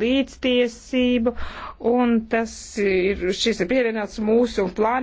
līdztiesību, un tas ir, šis ir pievienots mūsu plānam.